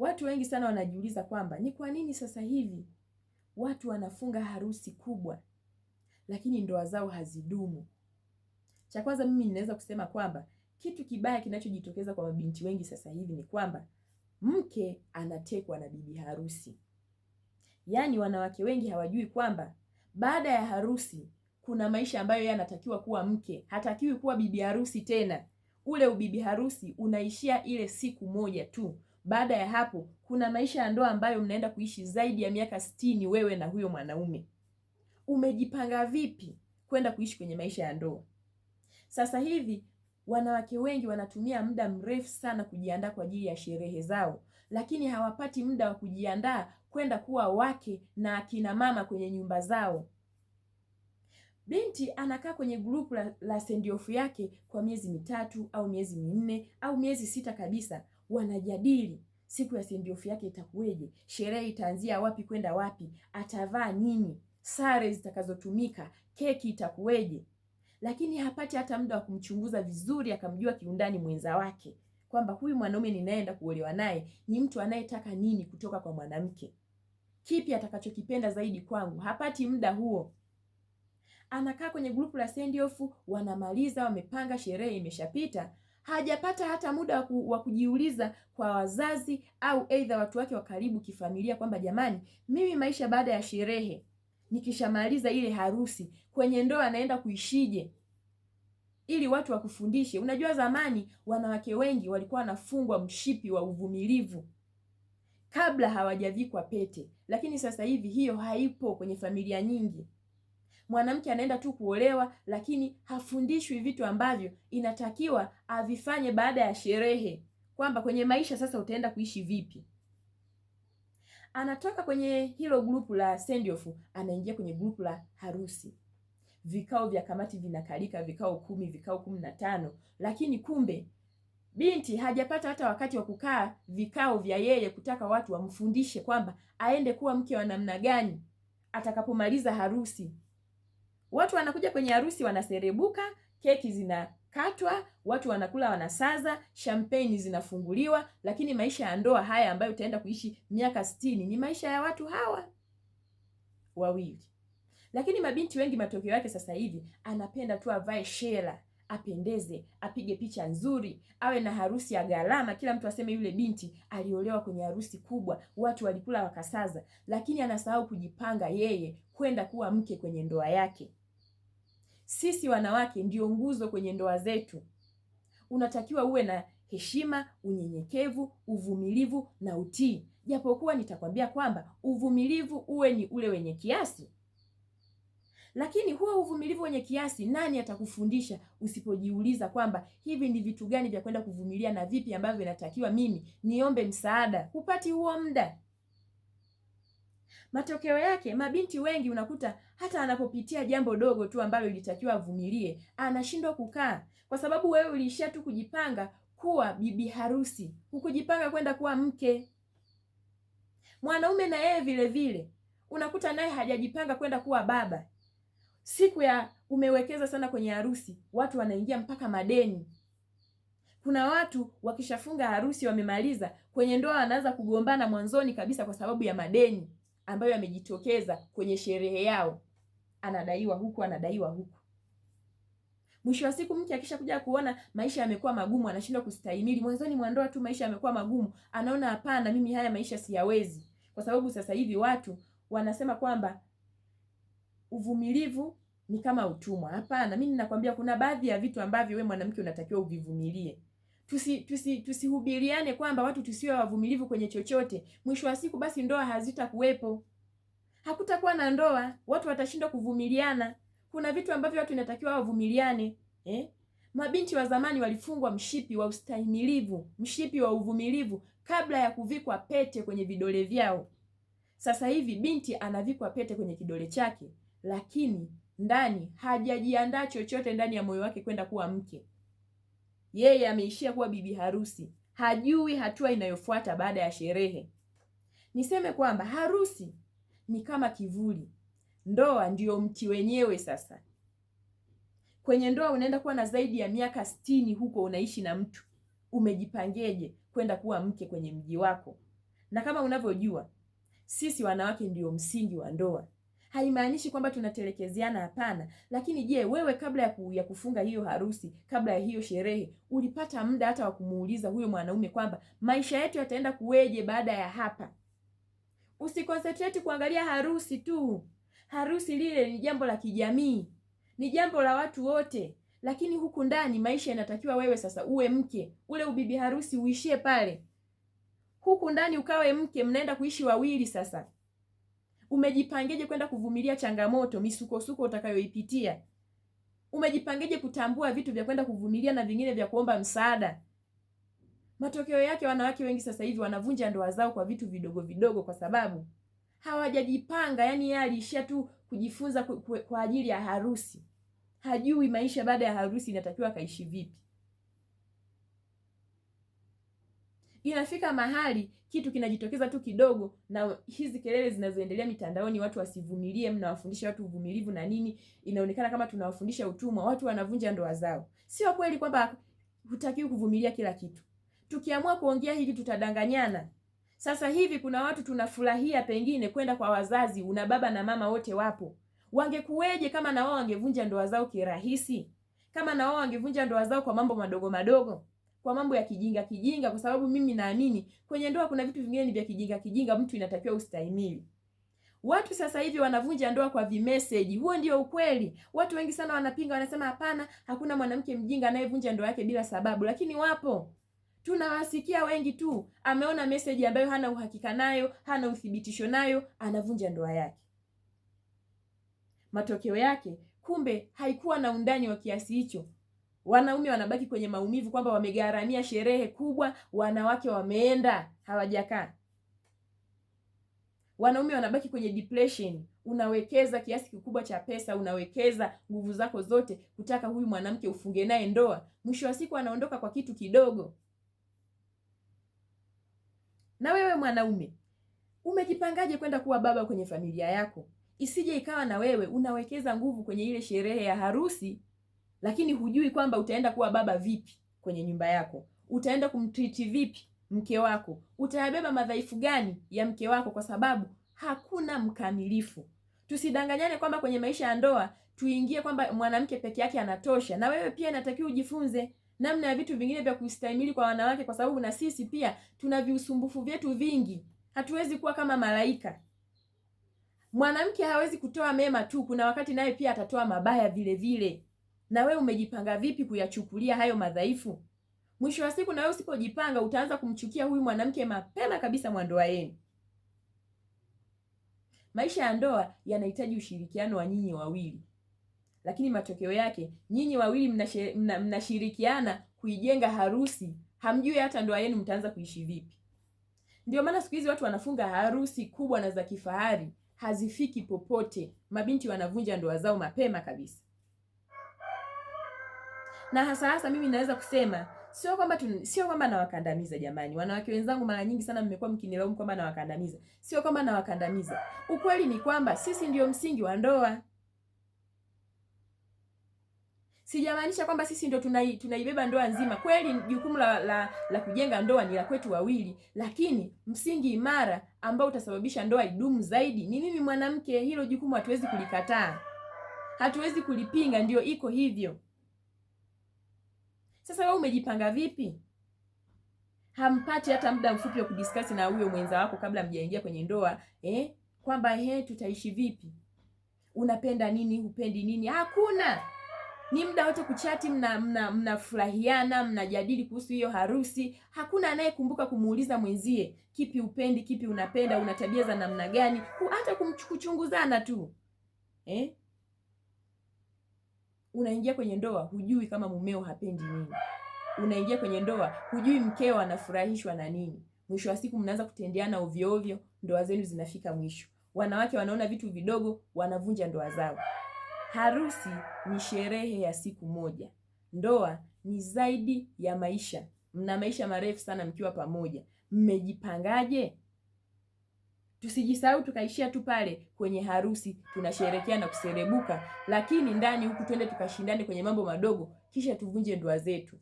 Watu wengi sana wanajiuliza kwamba ni kwa nini sasa hivi watu wanafunga harusi kubwa lakini ndoa zao hazidumu. Cha kwanza mimi ninaweza kusema kwamba kitu kibaya kinachojitokeza kwa mabinti wengi sasa hivi ni kwamba mke anatekwa na bibi harusi. Yaani wanawake wengi hawajui kwamba baada ya harusi kuna maisha ambayo yeye anatakiwa kuwa mke, hatakiwi kuwa bibi harusi tena. Ule ubibi harusi unaishia ile siku moja tu baada ya hapo, kuna maisha ya ndoa ambayo mnaenda kuishi zaidi ya miaka sitini, wewe na huyo mwanaume. Umejipanga vipi kwenda kuishi kwenye maisha ya ndoa? Sasa hivi wanawake wengi wanatumia muda mrefu sana kujiandaa kwa ajili ya sherehe zao, lakini hawapati muda wa kujiandaa kwenda kuwa wake na akina mama kwenye nyumba zao. Binti anakaa kwenye grupu la, la sendiofu yake kwa miezi mitatu au miezi minne au miezi sita kabisa, wanajadili siku ya send off yake itakuweje, sherehe itaanzia wapi kwenda wapi, atavaa nini, sare zitakazotumika, keki itakuweje, lakini hapati hata muda wa kumchunguza vizuri akamjua kiundani mwenza wake kwamba huyu mwanaume ninayeenda kuolewa naye ni mtu anayetaka nini kutoka kwa mwanamke, kipi atakachokipenda zaidi kwangu. Hapati muda huo, anakaa kwenye grupu la send off, wanamaliza, wamepanga sherehe, imeshapita, hajapata hata muda wa kujiuliza kwa wazazi au aidha watu wake wa karibu kifamilia, kwamba jamani, mimi maisha baada ya sherehe, nikishamaliza ile harusi, kwenye ndoa naenda kuishije? Ili watu wakufundishe. Unajua, zamani wanawake wengi walikuwa wanafungwa mshipi wa uvumilivu kabla hawajavikwa pete, lakini sasa hivi hiyo haipo kwenye familia nyingi mwanamke anaenda tu kuolewa, lakini hafundishwi vitu ambavyo inatakiwa avifanye baada ya sherehe, kwamba kwenye maisha sasa utaenda kuishi vipi. Anatoka kwenye hilo grupu la send off, anaingia kwenye grupu la harusi. Vikao vya kamati vinakalika vikao kumi, vikao kumi na tano, lakini kumbe binti hajapata hata wakati wa kukaa vikao vya yeye kutaka watu wamfundishe kwamba aende kuwa mke wa namna gani atakapomaliza harusi. Watu wanakuja kwenye harusi wanaserebuka, keki zinakatwa, watu wanakula, wanasaza, champagne zinafunguliwa, lakini maisha ya ndoa haya ambayo utaenda kuishi miaka sitini ni maisha ya watu hawa wawili. Lakini mabinti wengi, matokeo yake sasa hivi anapenda tu avae shela, apendeze, apige picha nzuri, awe na harusi ya gharama, kila mtu aseme yule binti aliolewa kwenye harusi kubwa, watu walikula wakasaza, lakini anasahau kujipanga yeye kwenda kuwa mke kwenye ndoa yake sisi wanawake ndio nguzo kwenye ndoa zetu. Unatakiwa uwe na heshima, unyenyekevu, uvumilivu na utii. Japokuwa nitakwambia kwamba uvumilivu uwe ni ule wenye kiasi, lakini huo uvumilivu wenye kiasi, nani atakufundisha usipojiuliza kwamba hivi ni vitu gani vya kwenda kuvumilia na vipi ambavyo inatakiwa mimi niombe msaada? Hupati huo muda. Matokeo yake mabinti wengi unakuta hata anapopitia jambo dogo tu ambalo ilitakiwa avumilie, anashindwa kukaa, kwa sababu wewe uliishia tu kujipanga kuwa bibi harusi, hukujipanga kwenda kuwa mke. Mwanaume na yeye vile vile unakuta naye hajajipanga kwenda kuwa baba. Siku ya umewekeza sana kwenye harusi, watu wanaingia mpaka madeni. Kuna watu wakishafunga harusi wamemaliza, kwenye ndoa wanaanza kugombana mwanzoni kabisa kwa sababu ya madeni ambayo amejitokeza kwenye sherehe yao, anadaiwa huku, anadaiwa huku. Mwisho wa siku mke kuja kuona maisha yamekuwa magumu, anashindwa kustahimili. Mwanzoni mwa ndoa tu maisha yamekuwa magumu, anaona hapana, mimi haya maisha siyawezi, kwa sababu sasa hivi watu wanasema kwamba uvumilivu ni kama utumwa. Hapana, mimi ninakwambia kuna baadhi ya vitu ambavyo we mwanamke unatakiwa uvivumilie tusi tusi tusihubiriane kwamba watu tusiwe wavumilivu kwenye chochote. Mwisho wa siku basi ndoa hazitakuwepo, hakutakuwa na ndoa, watu watashindwa kuvumiliana. Kuna vitu ambavyo watu inatakiwa wavumiliane eh? Mabinti wa zamani walifungwa mshipi wa ustahimilivu, mshipi wa uvumilivu kabla ya kuvikwa pete kwenye vidole vyao. Sasa hivi binti anavikwa pete kwenye kidole chake, lakini ndani hajajiandaa chochote ndani ya moyo wake kwenda kuwa mke yeye ameishia kuwa bibi harusi, hajui hatua inayofuata baada ya sherehe. Niseme kwamba harusi ni kama kivuli, ndoa ndiyo mti wenyewe. Sasa kwenye ndoa unaenda kuwa na zaidi ya miaka sitini, huko unaishi na mtu, umejipangeje kwenda kuwa mke kwenye mji wako? Na kama unavyojua sisi wanawake ndio msingi wa ndoa haimaanishi kwamba tunatelekezeana, hapana. Lakini je, wewe kabla ya, ku, ya kufunga hiyo harusi, kabla ya hiyo sherehe, ulipata muda hata wa kumuuliza huyo mwanaume kwamba maisha yetu yataenda kuweje baada ya hapa? Usikonsentreti kuangalia harusi tu. Harusi lile ni jambo la kijamii, ni jambo la watu wote, lakini huku ndani maisha inatakiwa wewe sasa uwe mke, ule ubibi harusi uishie pale, huku ndani ukawe mke, mnaenda kuishi wawili sasa. Umejipangeje kwenda kuvumilia changamoto, misukosuko utakayoipitia? Umejipangeje kutambua vitu vya kwenda kuvumilia na vingine vya kuomba msaada? Matokeo yake wanawake wengi sasa hivi wanavunja ndoa zao kwa vitu vidogo vidogo, kwa sababu hawajajipanga. Yani yeye ya aliishia tu kujifunza kwa ajili ya harusi, hajui maisha baada ya harusi inatakiwa kaishi vipi. Inafika mahali kitu kinajitokeza tu kidogo, na hizi kelele zinazoendelea mitandaoni, watu wasivumilie. Mnawafundisha watu uvumilivu na nini, inaonekana kama tunawafundisha utumwa, watu wanavunja ndoa zao. Sio kweli kwamba hutakiwi kuvumilia kila kitu. Tukiamua kuongea hivi, tutadanganyana. Sasa hivi kuna watu tunafurahia pengine kwenda kwa wazazi, una baba na mama wote wapo. Wangekuweje kama na wao wangevunja ndoa zao kirahisi? Kama na wao wangevunja ndoa zao kwa mambo madogo madogo? kwa mambo ya kijinga kijinga, kwa sababu mimi naamini kwenye ndoa kuna vitu vingine ni vya kijinga kijinga, mtu inatakiwa ustahimili. Watu sasa hivi wanavunja ndoa kwa vimeseji. Huo ndio ukweli. Watu wengi sana wanapinga, wanasema hapana, hakuna mwanamke mjinga anayevunja ndoa yake bila sababu, lakini wapo tunawasikia wengi tu, ameona meseji ambayo hana uhakika nayo, hana uthibitisho nayo, anavunja ndoa yake. Matokeo yake kumbe haikuwa na undani wa kiasi hicho, Wanaume wanabaki kwenye maumivu kwamba wamegharamia sherehe kubwa, wanawake wameenda hawajakaa. Wanaume wanabaki kwenye depression. Unawekeza kiasi kikubwa cha pesa, unawekeza nguvu zako zote kutaka huyu mwanamke ufunge naye ndoa, mwisho wa siku anaondoka kwa kitu kidogo. Na wewe mwanaume umejipangaje kwenda kuwa baba kwenye familia yako? Isije ikawa na wewe unawekeza nguvu kwenye ile sherehe ya harusi lakini hujui kwamba utaenda kuwa baba vipi kwenye nyumba yako, utaenda kumtriti vipi mke wako, utayabeba madhaifu gani ya mke wako, kwa sababu hakuna mkamilifu. Tusidanganyane kwamba kwenye maisha ya ndoa tuingie kwamba mwanamke peke yake anatosha, na wewe pia inatakiwa ujifunze namna ya vitu vingine vya kustahimili kwa wanawake, kwa sababu na sisi pia tuna viusumbufu vyetu vingi. Hatuwezi kuwa kama malaika. Mwanamke hawezi kutoa mema tu, kuna wakati naye pia atatoa mabaya vile vile na wewe umejipanga vipi kuyachukulia hayo madhaifu? Mwisho wa siku, na wewe usipojipanga, utaanza kumchukia huyu mwanamke mapema kabisa mwa ndoa yenu. Maisha ya ndoa yanahitaji ushirikiano wa nyinyi wawili, lakini matokeo yake nyinyi wawili mnashirikiana mna, mna kuijenga harusi, hamjui hata ndoa yenu mtaanza kuishi vipi. Ndio maana siku hizi watu wanafunga harusi kubwa na za kifahari, hazifiki popote. Mabinti wanavunja ndoa zao mapema kabisa na hasa hasa mimi naweza kusema sio kwamba sio kwamba nawakandamiza jamani. Wanawake wenzangu, mara nyingi sana mmekuwa mkinilaumu kwamba nawakandamiza. Sio kwamba nawakandamiza, ukweli ni kwamba sisi ndio msingi wa ndoa. Sijamaanisha kwamba sisi ndio tunai, tunaibeba ndoa nzima. Kweli jukumu la, la, la kujenga ndoa ni la kwetu wawili, lakini msingi imara ambao utasababisha ndoa idumu zaidi ni mimi mwanamke. Hilo jukumu hatuwezi kulikataa, hatuwezi kulipinga, ndio iko hivyo. Sasa wewe umejipanga vipi? Hampati hata muda mfupi wa kudiskasi na huyo mwenza wako kabla mjaingia kwenye ndoa eh? Kwamba he, eh, tutaishi vipi, unapenda nini, hupendi nini? Hakuna, ni muda wote kuchati, mnafurahiana, mna, mnajadili kuhusu hiyo harusi. Hakuna anayekumbuka kumuuliza mwenzie kipi upendi, kipi unapenda, una tabia za namna gani, hata kumchunguzana tu eh? unaingia kwenye ndoa hujui kama mumeo hapendi nini, unaingia kwenye ndoa hujui mkeo anafurahishwa na nini. Mwisho wa siku mnaanza kutendeana ovyo ovyo, ndoa zenu zinafika mwisho. Wanawake wanaona vitu vidogo, wanavunja ndoa zao. Harusi ni sherehe ya siku moja, ndoa ni zaidi ya maisha. Mna maisha marefu sana mkiwa pamoja. Mmejipangaje? Tusijisahau tukaishia tu pale kwenye harusi, tunasherekea na kuserebuka, lakini ndani huku twende tukashindane kwenye mambo madogo, kisha tuvunje ndoa zetu.